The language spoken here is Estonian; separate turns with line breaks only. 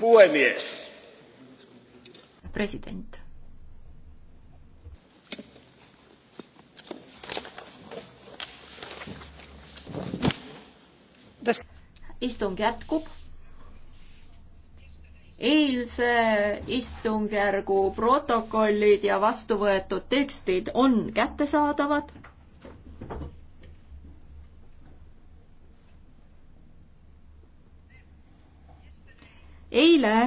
puhemies. president.
istung jätkub. eilse
istungjärgu protokollid ja vastuvõetud tekstid on kättesaadavad
eile